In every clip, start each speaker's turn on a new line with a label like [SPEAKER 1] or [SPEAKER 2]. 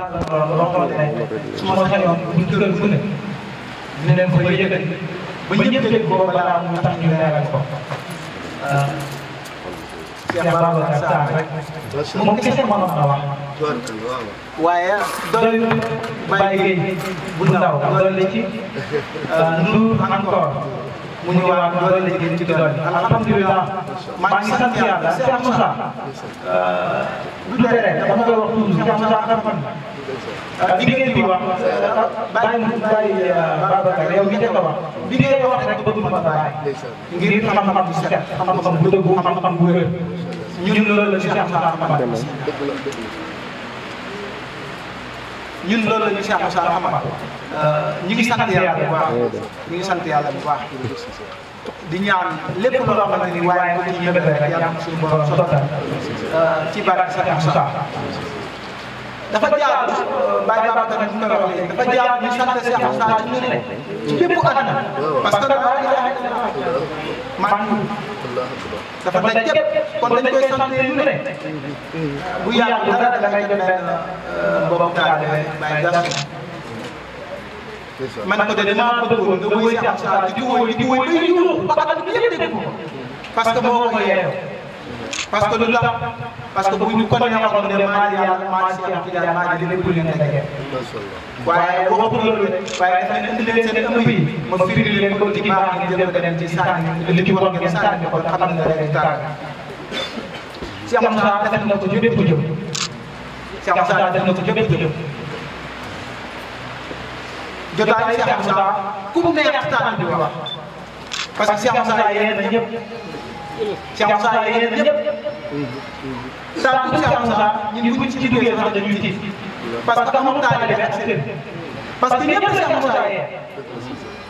[SPEAKER 1] loolu loo xamante ne su ma xayoon buñ dugal fu ne dina leen koy yëgal ba ñëpp dégg ko balaa mu tax ñu leeral ko waaw. Cheikh Babacar Sarr rek moom kese mënoon na wax. waaye doy bàyyi bu ndaw doy ci. Euh, Ndour encore. mu ñëwaat doole la jëm ci doole alhamdulilah maa ngi sant yàlla Cheikh Moussa
[SPEAKER 2] euh, du tere dama koy wax toujours Cheikh Moussa xam-xam euh, bi ngeen di wax bàyyi bàyyi euh, Babacar yow mi njëkk a wax
[SPEAKER 1] bi ngeen wax rek bëgg ma bàyyi ngir xam-xam bu set xam-xam bu dëgg xam-xam bu wér ñun loolu la Cheikh Moussa xam-xam ñun loolu la ñu Cheikh Moussa xamal euh, ñu ngi sant yàlla bu baax ñu ngi sant yàlla bu baax di ñaan lépp loo xamante ni waaye ko ci yëngal rek yàlla suñu borom euh, ci barke Cheikh dafa jaar Baye Babacar ñu koy waxee dafa jaar ñu sant Cheikh Moussa ci ñun ci bépp àdduna parce que dafa jaar man dafa daj képp kon dañ koy sant ñu ne bu yàgg dara da ngay demee mbokk daal Baye Gassou man ko de damaa bëggoon nga wóy Cheikh Moussa di wóy di wóy bay yuux ba àdduna bi yëpp dégg ko parce que moo ko yeewoo parce que lu tax parce que bu ñu ko neexoon ne maa ngi yàlla maa ngi Cheikh Tidiane maa ngi lépp lu leen dajee waaye waxu loolu waaye dafa indi leen seen ëmb yi ma firi leen ko ci baax ngeen jël ko dem ci sànni li ci waroon ngeen sànni ko xam ne rek dara Cheikh Moussa def na ko jëpp jëm Cheikh Moussa def na ko jëpp jëm jotaay Cheikh Moussa ku mu neex tànn bi wax parce que Cheikh Moussa yéen a ñëpp Cheikh Moussa yéen
[SPEAKER 2] ñëpp
[SPEAKER 1] saa bu Cheikh Moussa ñun buñ ci duggee sax dañuy tiit parce que amul taalibe ak sëriñ
[SPEAKER 2] parce que ñëpp Cheikh Moussa
[SPEAKER 1] yee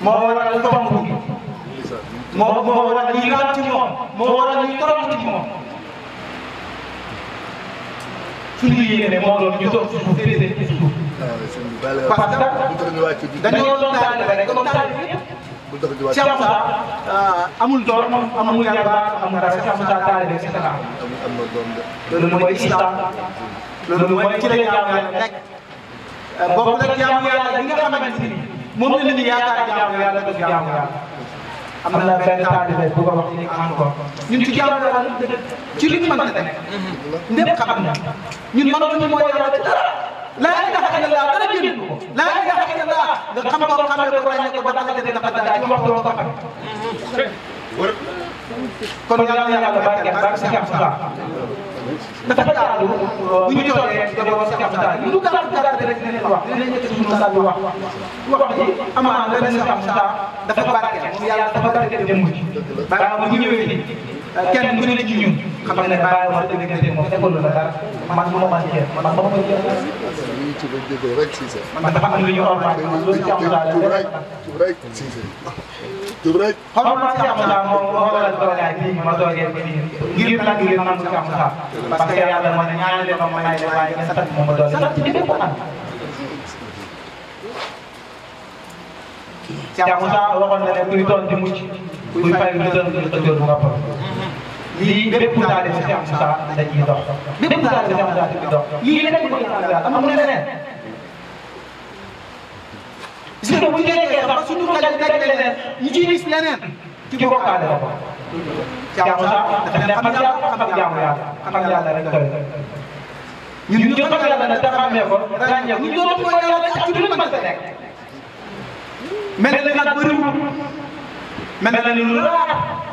[SPEAKER 1] moo waral tomb bi moo moo waral ñi gàtt ci moom moo waral ñi torop ci moom suñu yéene moo doon ñu toog suuf bul dox di waat Cheikh Moussa euh, amul doom amul yaakaar amul dara Cheikh Moussa taalibe Cheikh Moussa. am na doom de. loolu mooy islam loolu mooy ci la jaamu yàlla nekk. Euh, bokk nag jaamu yàlla li nga xamante ni moom la nit ñi yaakaar jaamu yàlla def jaamu yàlla. am na benn taalibe bu ko wax ni encore ñun ci jaamu yàlla ci li ñu mën a nekk. ndépp mm-hmm. xam na ñun mënatuñu mooy yàlla dara. laa ilaha illallah dara génn ko laa ilaha illallah nga xam ko xamee ko ràññee ko ba tax a jënd ndax daal ci waxtu kon yàlla na yàlla barkeel barke Cheikh Abdoulaye. dafa jaadu bu ñu toogee jaboon Cheikh Abdoulaye lu gàtt gàtt rek dinañ wax dinañ ñëkk suñu mosaan wax wax ji amaana benn Cheikh
[SPEAKER 2] Abdoulaye
[SPEAKER 1] dafa barkeel mujj. maanaam bu ñu ñëwee nii. kenn ku ne ci ñun xam nga ne bàyyi ma dëgg dëgg moom nekkul la dara man mu ma jeex man ba ma jeex
[SPEAKER 2] man dafa am lu ñu orma lu ci am daal rek rek Cissé
[SPEAKER 1] jub rek xam nga ci am daal moom moo waral toogaay bi ma toogee ba nii ngir nag ngir man ci am daal parce que yàlla moo ne itu itu anti muci, kuipai itu itu itu apa? lii bépp daal di si am saa dañuy dox bépp daal di si am saa dañuy dox lii rek mooy daal amul leneen. gis nga bu ñu nekkee sax suñu xel nekk leneen ñu ciy gis leneen. ci bokkaale la ko. jaamu saa dafa ne xam yàlla xam ak jaamu yàlla xam ak yàlla rek doy ñun ñu xam yàlla nag dafa amee ko ràññee ko ñu doon ko yàlla ak ci lu mën a nekk. mel na nag bëriwul mel na lu raar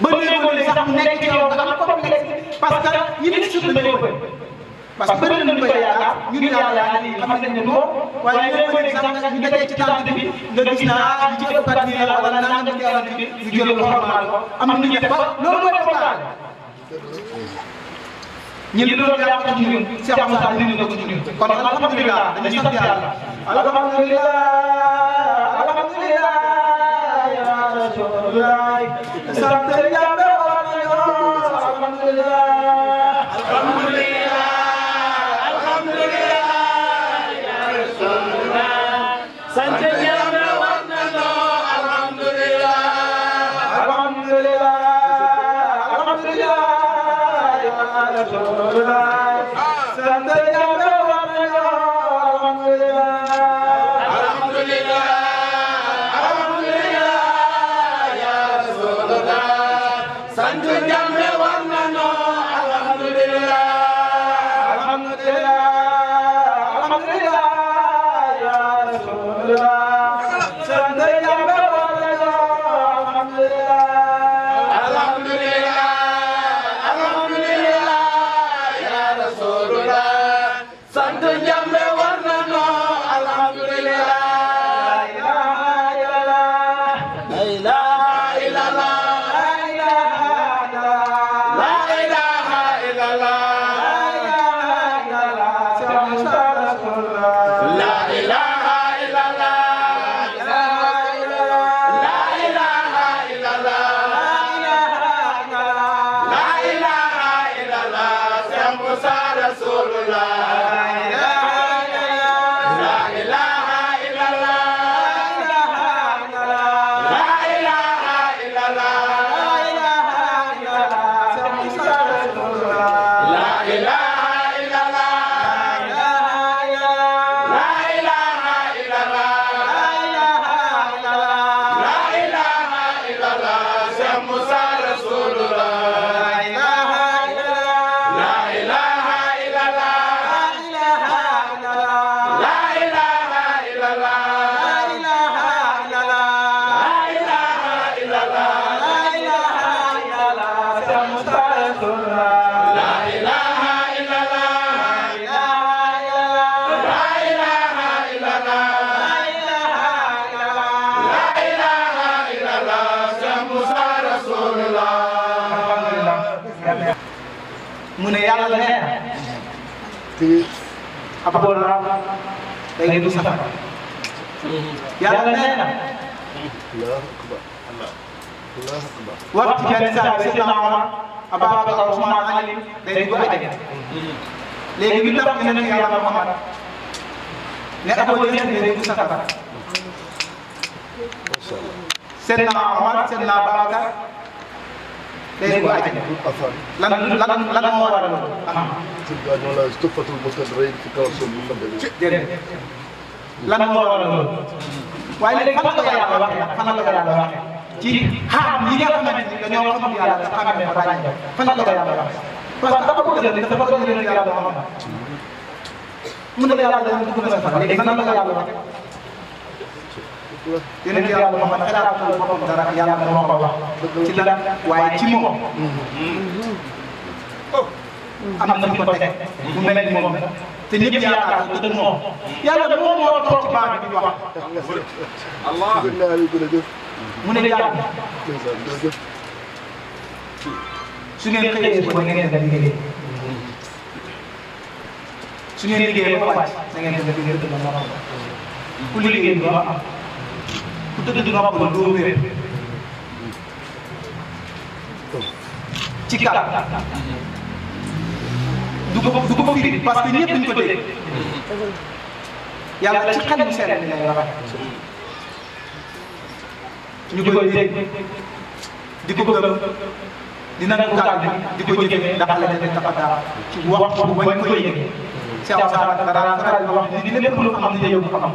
[SPEAKER 1] ba léegoo léegi sax mu nekk ci yow dafa am complexe parce que ñi nit suñu bëri
[SPEAKER 2] parce que bëri nañu ko yaakaar ñun yàlla xam nañ ne moom waaye léeg-léeg sax ñu dajee ci tànt bi nga gis naa li ci ëpp kat nii
[SPEAKER 1] la wala nangam ci yàlla bi ñu jël ko xamal ko am nañu def ba loolu mooy départage ñun loolu yàq ci ñun Cheikh Moussa dindi na ko ci ñun kon alhamdulilah dañuy sant yàlla
[SPEAKER 2] alhamdulilah Alhamdulillah, Alhamdulillah, la
[SPEAKER 1] mu ne yàlla nee na te ab boolaa da ngay du safara yàlla nee na
[SPEAKER 2] waxtu kenn saa bi si
[SPEAKER 1] Ababacar Ousmane Ali day dugg àjjana léegi bi tax ñu ne yàlla Muhammad ne Abou Jahal ne day dugg safara seen naa Omar seen naa Babacar day dugg àjjana lan lan lan moo waral loolu am lan moo waral loolu waaye léegi fan la ko yàlla waxee fan la ko yàlla waxee ci xaram yi nga xamante ni dañoo xam yàlla dafa xam ne fa daañu fa la ko yàlla wax parce que dafa bëgg jël dafa bëgg jël yàlla xam mu ne yàlla dañu dugg na sax léegi nan la ko yàlla wax yeneen yàlla moo xam ne xalaatul boppam dara yàlla moo ko wax ci lan waaye ci moom am na ñu ko teg bu mel ni moom te ñëpp yaakaar ko dëgg moom yàlla moo moo toog ci baax bi wax Allah mu ne jàpp su ngeen xëyee suba na ngeen dem liggéey su ngeen liggéey ba wàcc na ngeen dem liggéey dina noppalu ku liggéey du am ku tëdd du noppalu doo wér ci kàlla du ko du ko firi parce que ñëpp dañu ko dégg yàlla ci xel mu seen lay waxee ñu koy dégg di ko gëm di nangu kàddu bi di ko jëfee ndax la nekk dafa daal ci waxtu bu bañ koy yëg si aw saa dara faral di wax ni lépp lu am ne yow ko am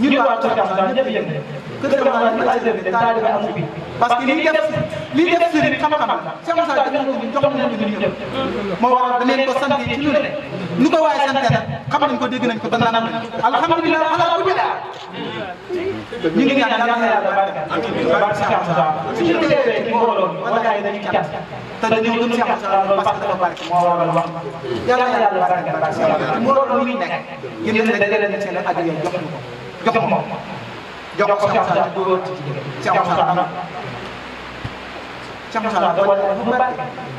[SPEAKER 1] ñun waa Kër Thiam daal ñëpp yëg kër Thiam daal ñu ay service daal di amu bi parce que lii def lii def sëriñ xam-xam la si aw saa dara jox nañu ñu ñëpp moo waral da leen ko sant ci lu ne lu ko waaye sante nag xam nañ ko dégg nañ ko danaa nañ alhamdulilah ala kulli la
[SPEAKER 2] ñu ngi ñaan yàlla yàlla barke
[SPEAKER 1] barke Cheikh Moussa suñu teewee ci mbooloo wala yi dañuy cat te dañu gëm Cheikh Moussa parce que dafa barke moo waral wax yàlla yàlla barke barke Cheikh mbooloo mi nekk yéen ne dajale na seen addiya jox ñu ko jox ko jox ko Cheikh Moussa ci góor ci jigéen Cheikh Moussa am Cheikh Moussa dafa barke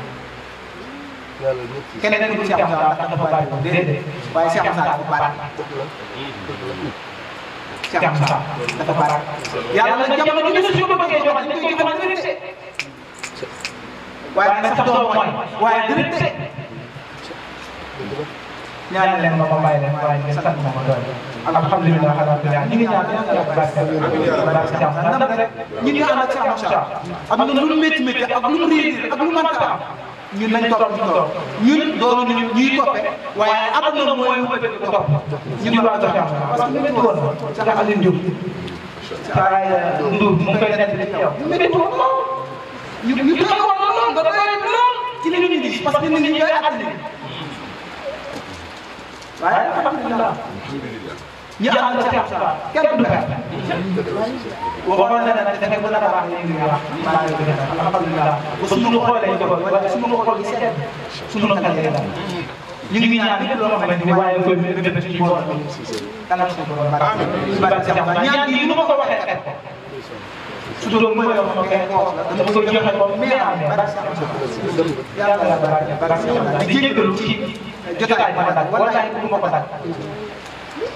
[SPEAKER 2] keneen
[SPEAKER 1] ku ci Cheikh Moussa ndax dafa bari woon déedéet waaye Cheikh Moussa dafa bari Cheikh Moussa dafa bari yàlla nag jamono ñu su bëggee jox dañ koy jox directe waaye nag sax doon mooy waaye directe ñaan leen ma ma bàyyi leen waaye ñu sant ma ma doon alhamdulilah alhamdulilah ñu ngi ñaan yàlla barke barke Cheikh Moussa ndam rek
[SPEAKER 2] ñi ngi ànd ak Cheikh Moussa
[SPEAKER 1] ak lu mu métti métti ak lu mu réer ak lu mën a am ñun nañ topp ci tool ñun doonu ñu ñuy toppe waaye adduna mooy wëpp topp ñun waa Jokalante parce que métti woon sax Aliou Ndiour. Saal Ndour mu ngi koy nekk ci yow. métti woon ñu ñu tënk ko woon ba doyalee lool ci li ñu gis parce que nit ñi ñooy attali waaye alhamdulilah. ñu amal ci alxuraan kenn du perte. waxoon na nag dafay mën a baax léegi nga wax maa ngi lay def alhamdulilah ba suñu xoolee njaboot wala suñu xool gi seet suñu xel lay dal ñu ngi ñaan lépp loo xamante ni waaye koy mébét ci borom kanam suñu borom barke barke sax ñaan yi nu ma ko waxee xet ko su doon mooy wax ko kenn koo xam dama ko joxe ko mais amee barke sax yàlla la barke barke di jéggalu ci jotaay ma dal wala du ma ko dal